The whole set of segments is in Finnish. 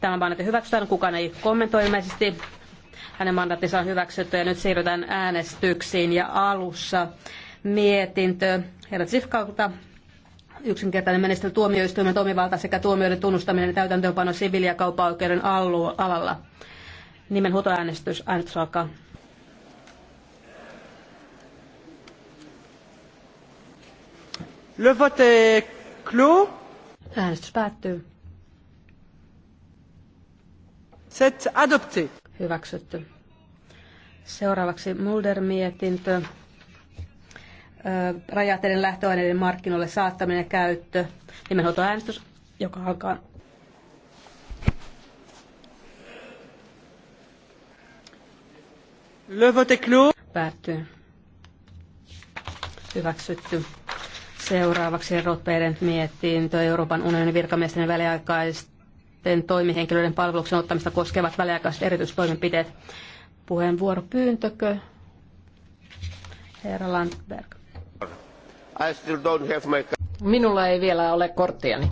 Tämä mandaatti hyväksytään, kukaan ei kommentoi ilmeisesti. Hänen mandaattinsa on hyväksytty ja nyt siirrytään äänestyksiin ja alussa mietintö. Herra Tsifkalta yksinkertainen menestely tuomioistuimen toimivalta sekä tuomioiden tunnustaminen ja täytäntöönpano siviili- ja kauppa-oikeuden alalla. Nimen huutoäänestys. Äänestys alkaa. Le vote est clos. Äänestys päättyy. C'est adopté. Hyväksytty. Seuraavaksi Mulder-mietintö. Rajateiden lähtöaineiden markkinoille saattaminen ja käyttö. äänestys, joka alkaa. Le vote clos. Päättyy. Hyväksytty. Seuraavaksi Rotpeiden mietintö Euroopan unionin virkamiesten väliaikaista sitten toimihenkilöiden palveluksen ottamista koskevat väliaikaiset erityistoimenpiteet. pyyntökö? Herra Landberg. I still don't have my... Minulla ei vielä ole korttiani.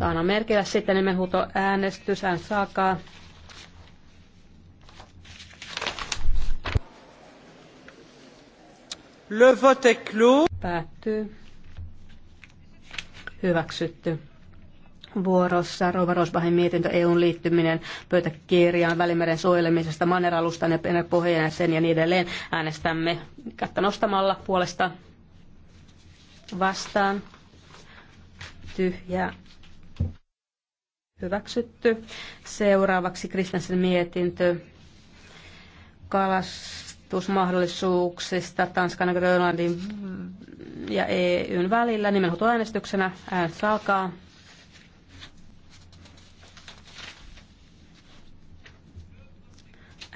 Anna merkillä sitten nimenhuuto äänestys. Hän saakaa. Le vote est clos. Päättyy. Hyväksytty vuorossa Rova Rosbahin mietintö EUn liittyminen pöytäkirjaan Välimeren suojelemisesta maneralustan ja pohjana sen ja niin edelleen. Äänestämme kättä nostamalla puolesta vastaan. Tyhjä. Hyväksytty. Seuraavaksi Kristensen mietintö kalastusmahdollisuuksista Tanskan ja Grönlannin ja EUn välillä nimenhuutoäänestyksenä. Äänestys alkaa.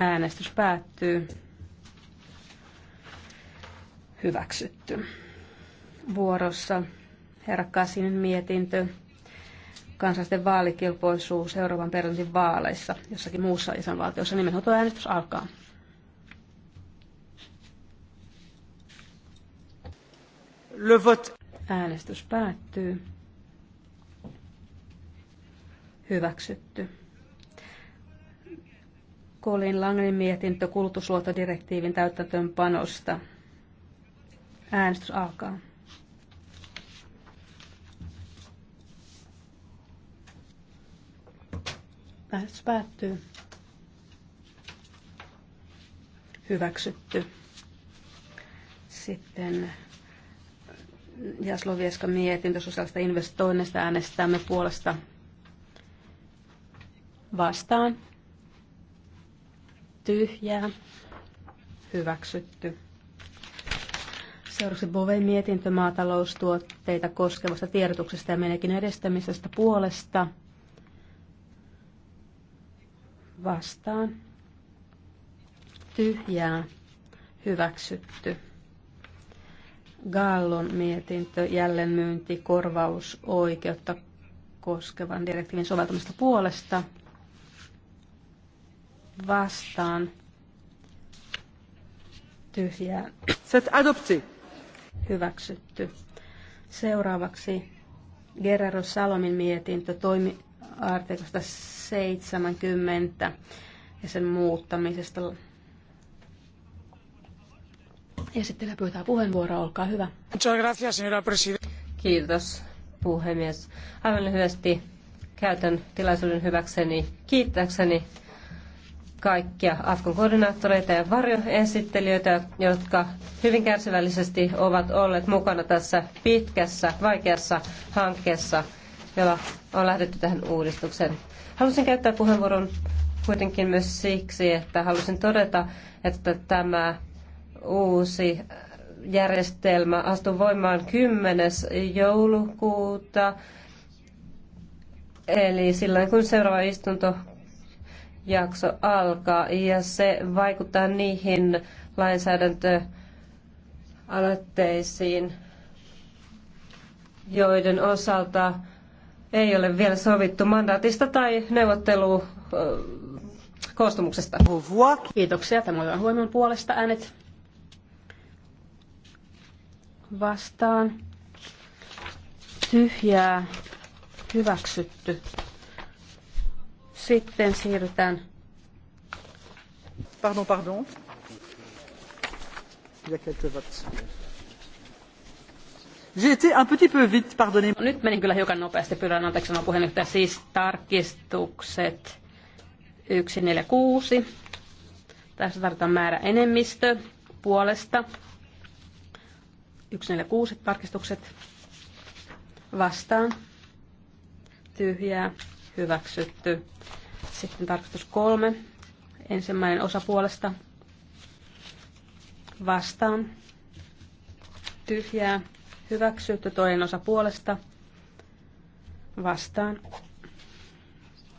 Äänestys päättyy. Hyväksytty. Vuorossa herra Kasinin mietintö kansallisten vaalikelpoisuus Euroopan parlamentin vaaleissa jossakin muussa jäsenvaltiossa. Nimenhoitoäänestys alkaa. Le vote. Äänestys päättyy. Hyväksytty. Colin Langen mietintö kulutusluottodirektiivin täyttäntöönpanosta. Äänestys alkaa. Äänestys päättyy. Hyväksytty. Sitten Jaslovieska mietintö sosiaalista investoinnista äänestämme puolesta vastaan tyhjää, hyväksytty. Seuraavaksi Boven mietintö maataloustuotteita koskevasta tiedotuksesta ja menekin edistämisestä puolesta. Vastaan. Tyhjää. Hyväksytty. Gallon mietintö jälleenmyynti korvausoikeutta koskevan direktiivin soveltamista puolesta vastaan tyhjää. Set adopti. Hyväksytty. Seuraavaksi Gerardo Salomin mietintö toimi artikosta 70 ja sen muuttamisesta. Esittelijä pyytää puheenvuoroa, olkaa hyvä. Kiitos puhemies. Aivan lyhyesti käytän tilaisuuden hyväkseni kiittääkseni kaikkia Afkon koordinaattoreita ja varjoesittelijöitä, jotka hyvin kärsivällisesti ovat olleet mukana tässä pitkässä, vaikeassa hankkeessa, jolla on lähdetty tähän uudistukseen. Halusin käyttää puheenvuoron kuitenkin myös siksi, että halusin todeta, että tämä uusi järjestelmä astuu voimaan 10. joulukuuta, eli silloin kun seuraava istunto jakso alkaa ja se vaikuttaa niihin lainsäädäntöaloitteisiin, joiden osalta ei ole vielä sovittu mandaatista tai neuvottelu koostumuksesta. Kiitoksia. Tämä on huomion puolesta äänet vastaan. Tyhjää hyväksytty. Sitten siirrytään. Pardon, pardon. Il y a quelques votes. J'ai été un petit peu vite, pardonnez Nyt menin kyllä hiukan nopeasti, pyydän anteeksi sanoa puheenjohtaja. Siis tarkistukset 146. Tässä tarvitaan määrä enemmistö puolesta. 146 tarkistukset vastaan. Tyhjää hyväksytty. Sitten tarkastus kolme, ensimmäinen osa puolesta vastaan, tyhjää, hyväksytty, toinen osa puolesta vastaan,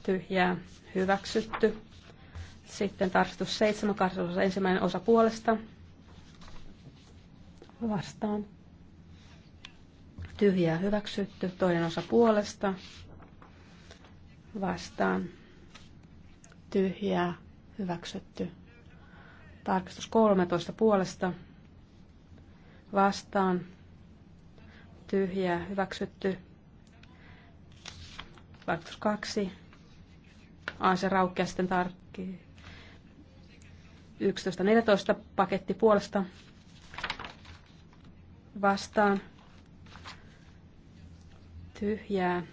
tyhjää, hyväksytty. Sitten tarkistus seitsemän, osa ensimmäinen osa puolesta vastaan, tyhjää, hyväksytty, toinen osa puolesta vastaan tyhjää hyväksytty. Tarkistus 13 puolesta vastaan tyhjää hyväksytty. Tarkistus 2. Aase raukkia sitten tarkki. 11.14 paketti puolesta vastaan tyhjää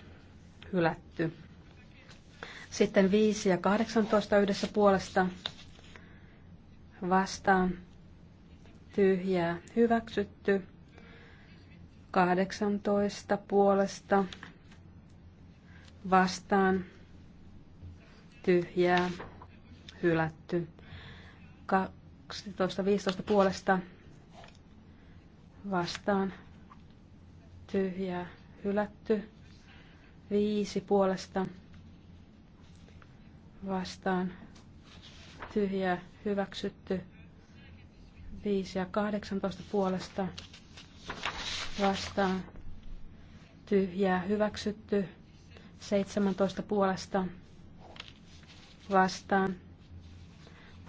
hylätty. Sitten 5 ja 18 yhdessä puolesta vastaan tyhjää hyväksytty. 18 puolesta vastaan tyhjää hylätty. 12-15 puolesta vastaan tyhjää hylätty. 5 puolesta vastaan vastaan tyhjä hyväksytty 5 ja 18 puolesta vastaan tyhjä hyväksytty 17 puolesta vastaan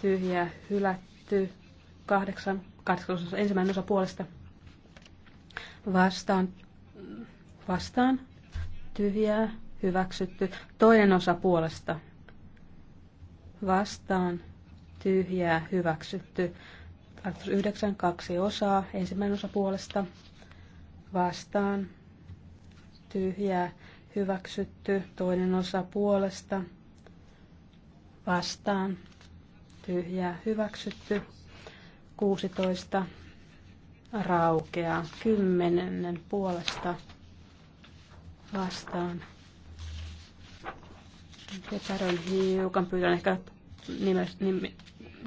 tyhjä hylätty 8, 8 ensimmäinen osa puolesta vastaan vastaan tyhjää hyväksytty toinen osa puolesta vastaan tyhjää hyväksytty. Tarkoitus 9, kaksi osaa. Ensimmäinen osa puolesta vastaan tyhjää hyväksytty. Toinen osa puolesta vastaan tyhjää hyväksytty. 16 raukeaa. Kymmenennen puolesta vastaan Epäröin hiukan, pyydän ehkä nimes,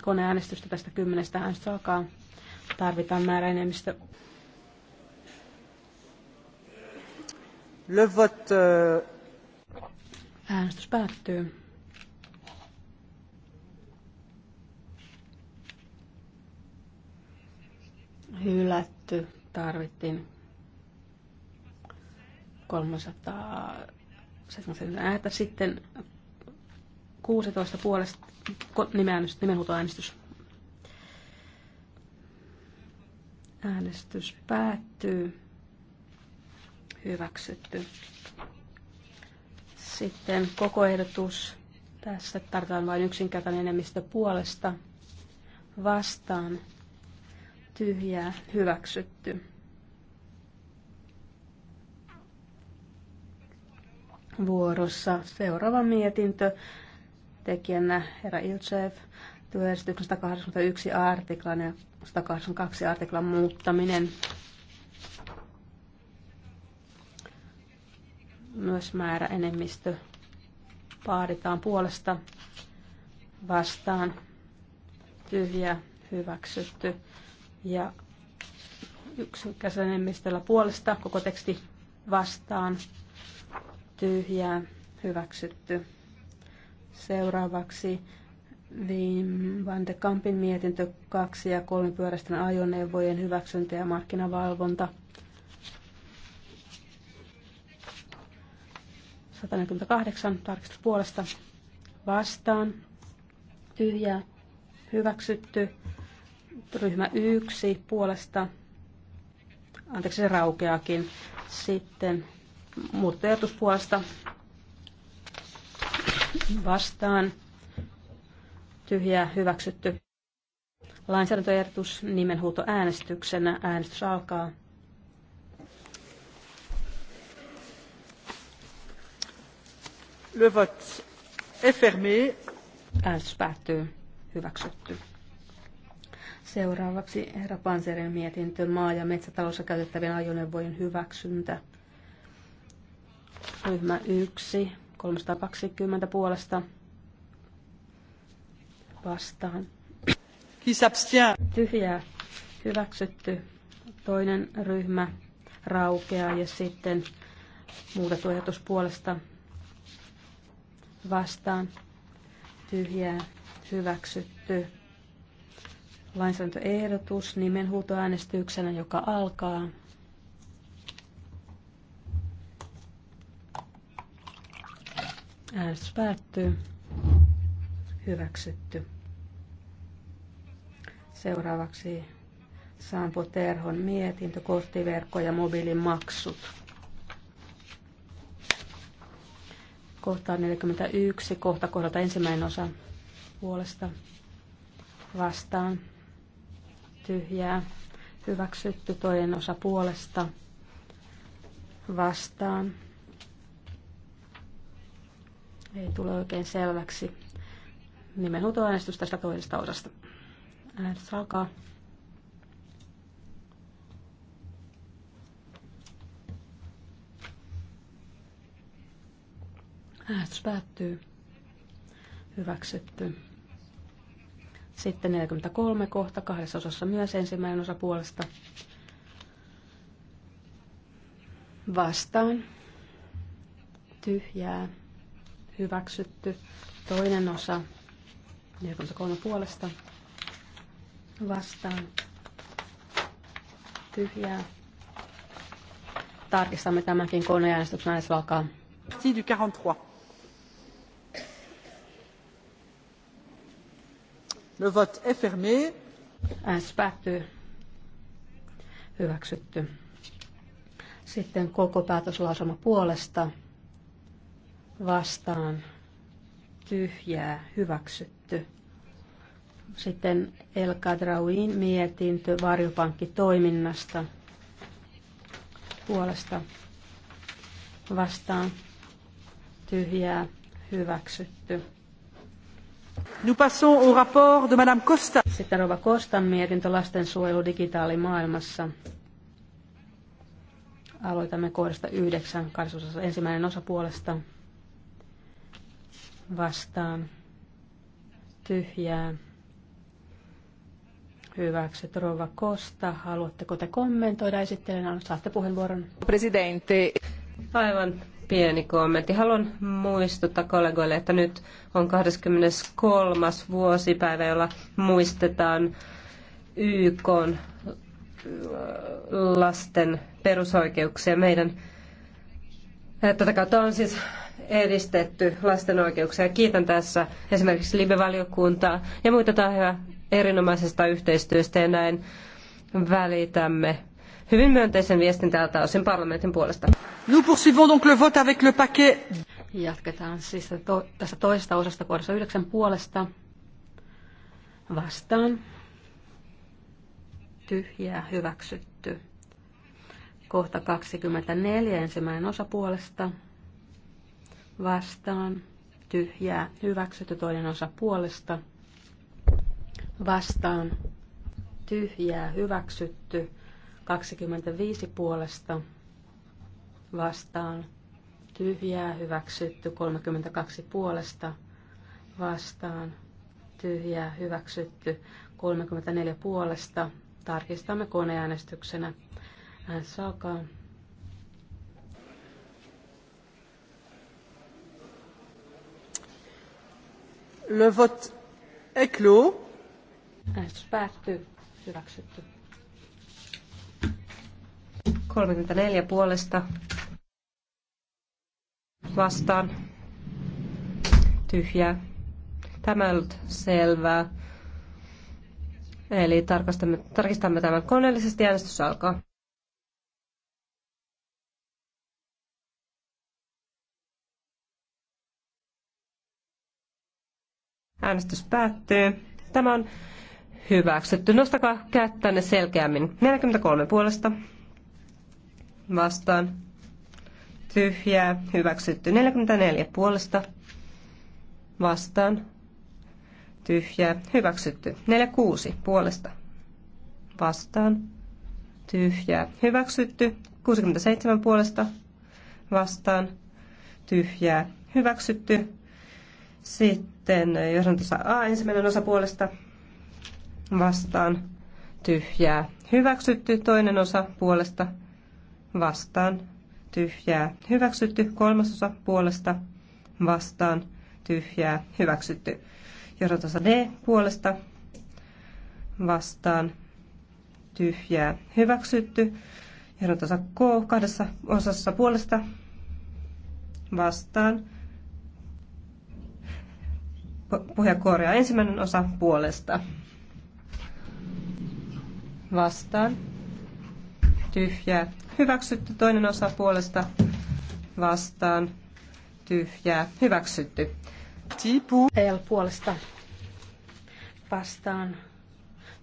koneäänestystä tästä kymmenestä äänestä alkaa. Tarvitaan enemmistö. Le vote. Euh, Äänestys päättyy. Hylätty. Tarvittiin 300 sen ääntä sitten 16 puolesta nimenhuutoäänestys. nimenhuutoäänestys. Äänestys päättyy. Hyväksytty. Sitten koko ehdotus. Tässä tarvitaan vain yksinkertainen enemmistö puolesta. Vastaan. Tyhjää. Hyväksytty. vuorossa. Seuraava mietintö tekijänä herra Ilchev työjärjestyksen 181 artiklan ja 182 artiklan muuttaminen. Myös määrä enemmistö vaaditaan puolesta vastaan tyhjä hyväksytty ja yksi enemmistöllä puolesta koko teksti vastaan tyhjää hyväksytty. Seuraavaksi Wim van de Kampin mietintö 2 ja 3 pyöräisten ajoneuvojen hyväksyntä ja markkinavalvonta. 148 tarkistus puolesta vastaan. Tyhjää hyväksytty. Ryhmä 1 puolesta. Anteeksi, se raukeakin. Sitten Muut vastaan tyhjää hyväksytty. Lainsäädäntöehdotus nimenhuuto äänestyksenä. Äänestys alkaa. Le vote est fermé. Äänestys päättyy. Hyväksytty. Seuraavaksi herra Panserin mietintö maa- ja metsätalossa käytettävien ajoneuvojen hyväksyntä. Ryhmä 1, 320 puolesta vastaan. Tyhjää hyväksytty. Toinen ryhmä raukeaa ja sitten muutettu ehdotus puolesta vastaan. Tyhjää hyväksytty. Lainsäädäntöehdotus nimenhuutoäänestyksenä, joka alkaa. Äänestys päättyy. Hyväksytty. Seuraavaksi Sampo Terhon mietintö, kohtiverkko ja mobiilimaksut. Kohta 41, kohta kohdalta ensimmäinen osa puolesta vastaan. Tyhjää. Hyväksytty toinen osa puolesta vastaan. Ei tule oikein selväksi. Nimenhuutoäänestys tästä toisesta osasta. Äänestys alkaa. Äänestys päättyy. Hyväksytty. Sitten 43 kohta, kahdessa osassa myös ensimmäinen osa puolesta. Vastaan. Tyhjää hyväksytty. Toinen osa 43 puolesta vastaan tyhjää. Tarkistamme tämänkin koneäänestyksen äänestys alkaa. Parti du 43. Le vote est fermé. Äänestys päättyy. Hyväksytty. Sitten koko päätöslausuma puolesta vastaan tyhjää hyväksytty. Sitten El Kadrauin mietintö varjopankkitoiminnasta puolesta vastaan tyhjää hyväksytty. Nous passons au rapport de Madame Costa. Sitten Rova Kostan mietintö lastensuojelu digitaalimaailmassa. Aloitamme kohdasta yhdeksän kansallisessa ensimmäinen osa puolesta vastaan tyhjää Hyväkset Rova Kosta, haluatteko te kommentoida esittelen? Saatte puheenvuoron. Presidentti. Aivan pieni kommentti. Haluan muistuttaa kollegoille, että nyt on 23. vuosipäivä, jolla muistetaan YK lasten perusoikeuksia. Meidän tätä kautta on siis edistetty lasten oikeuksia. Kiitän tässä esimerkiksi Libe-valiokuntaa ja muita tahoja erinomaisesta yhteistyöstä ja näin välitämme hyvin myönteisen viestin tältä osin parlamentin puolesta. Nous poursuivons donc le vote avec le paquet. Jatketaan siis to, tästä toisesta osasta kohdassa yhdeksän puolesta. Vastaan. Tyhjää hyväksytty. Kohta 24 ensimmäinen osa puolesta vastaan, tyhjää, hyväksytty toinen osa puolesta, vastaan, tyhjää, hyväksytty, 25 puolesta, vastaan, tyhjää, hyväksytty, 32 puolesta, vastaan, tyhjää, hyväksytty, 34 puolesta, tarkistamme koneäänestyksenä, äänestys Le vote est clos. Äänestys päättyy. Hyväksytty. 34 puolesta vastaan. Tyhjää. Tämä ei ollut selvää. Eli tarkistamme, tarkistamme tämän koneellisesti. Äänestys alkaa. Äänestys päättyy. Tämä on hyväksytty. Nostakaa kättänne selkeämmin. 43 puolesta vastaan. Tyhjää. Hyväksytty. 44 puolesta vastaan. Tyhjää. Hyväksytty. 46 puolesta vastaan. Tyhjää. Hyväksytty. 67 puolesta vastaan. Tyhjää. Hyväksytty. Sitten sitten eh, tuossa A ensimmäinen osa puolesta vastaan tyhjää. Hyväksytty toinen osa puolesta vastaan tyhjää. Hyväksytty kolmas osa puolesta vastaan tyhjää. Hyväksytty tuossa D puolesta vastaan tyhjää. Hyväksytty tuossa K kahdessa osassa puolesta vastaan puheenkorjaa. Ensimmäinen osa puolesta. Vastaan. Tyhjää. Hyväksytty. Toinen osa puolesta. Vastaan. Tyhjää. Hyväksytty. Tipu. El puolesta. Vastaan.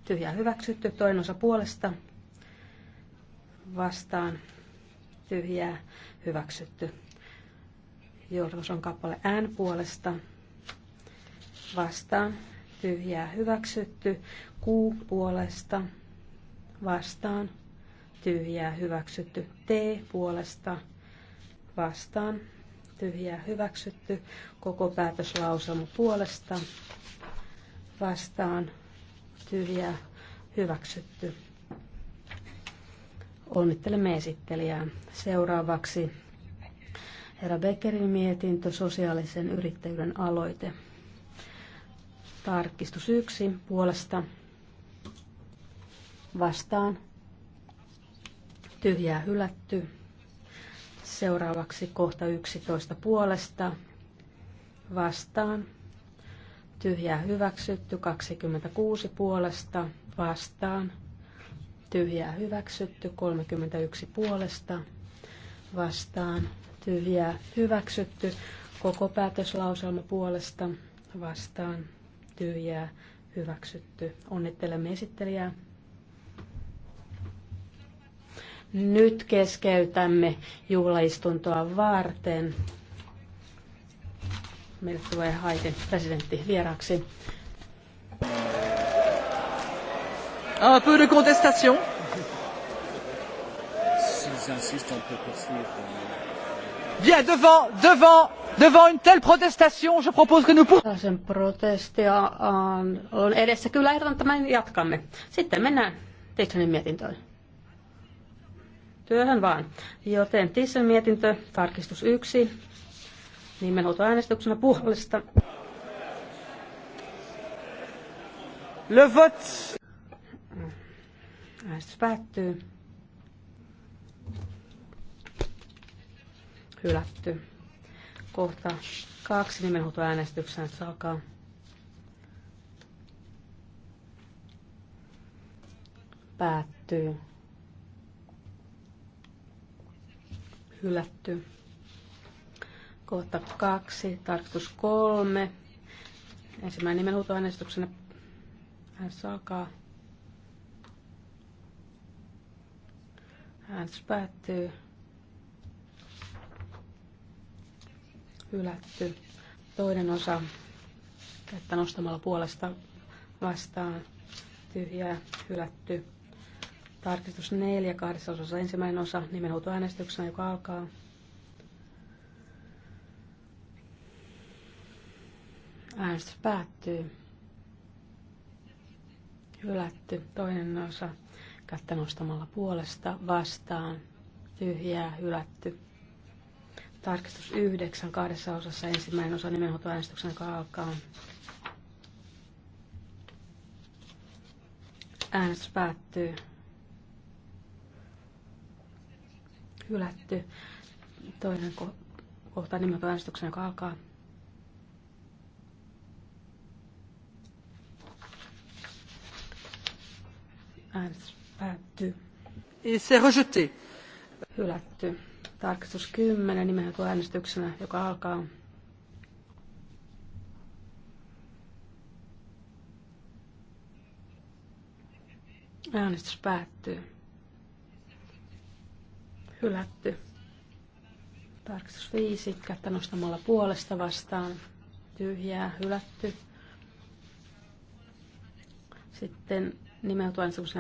Tyhjää. Hyväksytty. Toinen osa puolesta. Vastaan. Tyhjää. Hyväksytty. Jorgos on kappale ään puolesta vastaan tyhjää hyväksytty. kuu puolesta vastaan tyhjää hyväksytty. T puolesta vastaan tyhjää hyväksytty. Koko päätöslauselma puolesta vastaan tyhjää hyväksytty. Onnittelemme esittelijää. Seuraavaksi herra Beckerin mietintö, sosiaalisen yrittäjyyden aloite. Tarkistus yksi puolesta vastaan. Tyhjää hylätty. Seuraavaksi kohta 11 puolesta vastaan. Tyhjää hyväksytty 26 puolesta vastaan. Tyhjää hyväksytty 31 puolesta vastaan. Tyhjää hyväksytty koko päätöslauselma puolesta vastaan tyhjää hyväksytty. Onnittelemme esittelijää. Nyt keskeytämme juhlaistuntoa varten. Meille tulee Haiten presidentti vieraksi. Un peu de contestation. on peut poursuivre. Euh, Bien, devant, devant, devant une telle protestation, je propose que nous... Sen on edessä. Kyllä ehdotan jatkamme. Sitten mennään Tissanin mietintöön. Työhön vaan. Joten Tissan mietintö, tarkistus yksi. Nimenhuutoäänestyksenä puolesta. Le vote. Äänestys päättyy. hylätty. Kohta kaksi nimenhuutoäänestyksenä, että Päättyy. Hylätty. Kohta kaksi, tarkoitus kolme. Ensimmäinen nimenhuutoäänestyksenä. Äänestys Äänestys päättyy. hylätty. Toinen osa kättä nostamalla puolesta vastaan tyhjää hylätty. Tarkistus neljä kahdessa osassa ensimmäinen osa nimenhuutoäänestyksenä, joka alkaa. Äänestys päättyy. Hylätty. Toinen osa kättä nostamalla puolesta vastaan. Tyhjää hylätty. Tarkistus yhdeksän kahdessa osassa ensimmäinen osa nimenhoitoäänestyksen alkaa. Äänestys päättyy. Hylätty. Toinen ko- kohta nimenhoitoäänestyksen joka alkaa. Äänestys päättyy. Et c'est rejeté. Hylätty Tarkistus 10 nimenhän tuo äänestyksenä, joka alkaa. Äänestys päättyy. Hylätty. Tarkistus 5. Kättä nostamalla puolesta vastaan. Tyhjää. Hylätty. Sitten nimenhän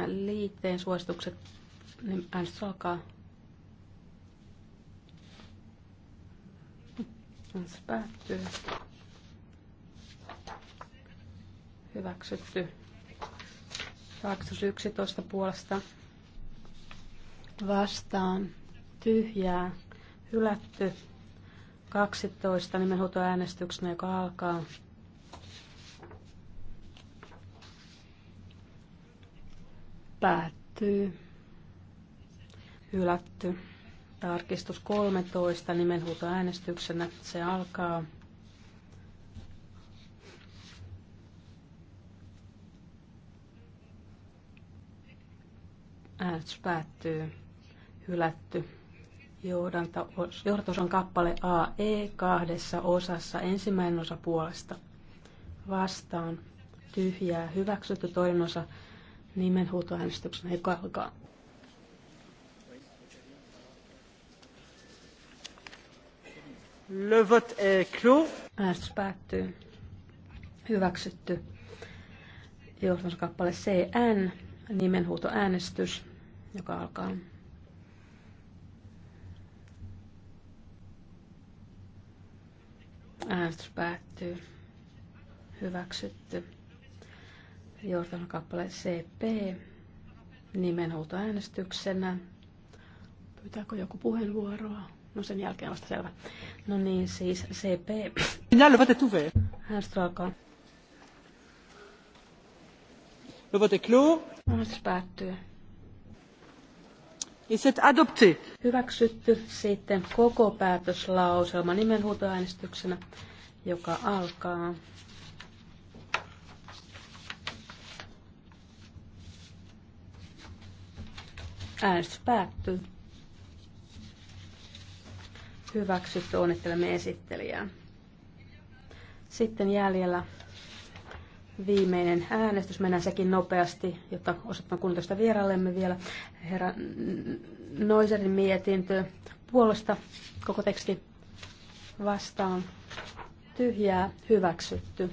liitteen suositukset. Niin äänestys alkaa. On päättyy. Hyväksytty. Tarkistus 11 puolesta vastaan tyhjää hylätty 12 nimenhuutoäänestyksenä, joka alkaa. Päättyy. Hylätty. Tarkistus 13 nimenhuutoäänestyksenä. Se alkaa. Äänestys päättyy. Hylätty. Johdantos on kappale AE kahdessa osassa. Ensimmäinen osa puolesta. Vastaan. Tyhjää. Hyväksytty toinen osa nimenhuutoäänestyksenä, joka alkaa. Le vote est clos. Äänestys päättyy. Hyväksytty. Johdannuskappale CN, nimenhuutoäänestys, joka alkaa. Äänestys päättyy. Hyväksytty. Johdannuskappale CP, nimenhuutoäänestyksenä. Pyytääkö joku puheenvuoroa? No sen jälkeen vasta selvä. No niin, siis CP. Minä lopeta tuve. Äänestys alkaa. Lopeta clos. Äänestys päättyy. Et c'est adopté. Hyväksytty sitten koko päätöslauselma nimenhuutoäänestyksenä, joka alkaa. Äänestys päättyy. Hyväksytty. Onnittelemme esittelijää. Sitten jäljellä viimeinen äänestys. Mennään sekin nopeasti, jotta osoitan kunnioitusta vierallemme vielä. Herra Noiserin mietintö puolesta koko teksti vastaan tyhjää hyväksytty.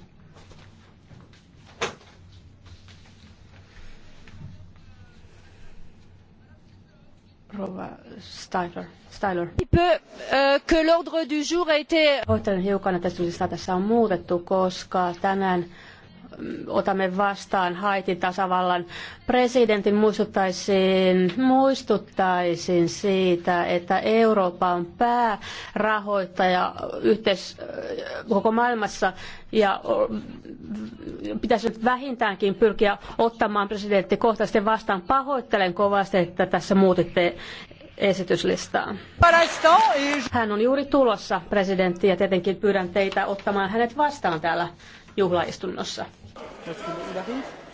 Rova Styler. Euh, hiukan, että tässä on muutettu, koska tänään otamme vastaan Haitin tasavallan presidentin, muistuttaisin, muistuttaisin siitä, että Eurooppa on päärahoittaja yhteis, koko maailmassa ja pitäisi nyt vähintäänkin pyrkiä ottamaan presidentti kohtaisesti vastaan. Pahoittelen kovasti, että tässä muutitte esityslistaa. Hän on juuri tulossa presidentti ja tietenkin pyydän teitä ottamaan hänet vastaan täällä juhlaistunnossa das finde ich überhaupt.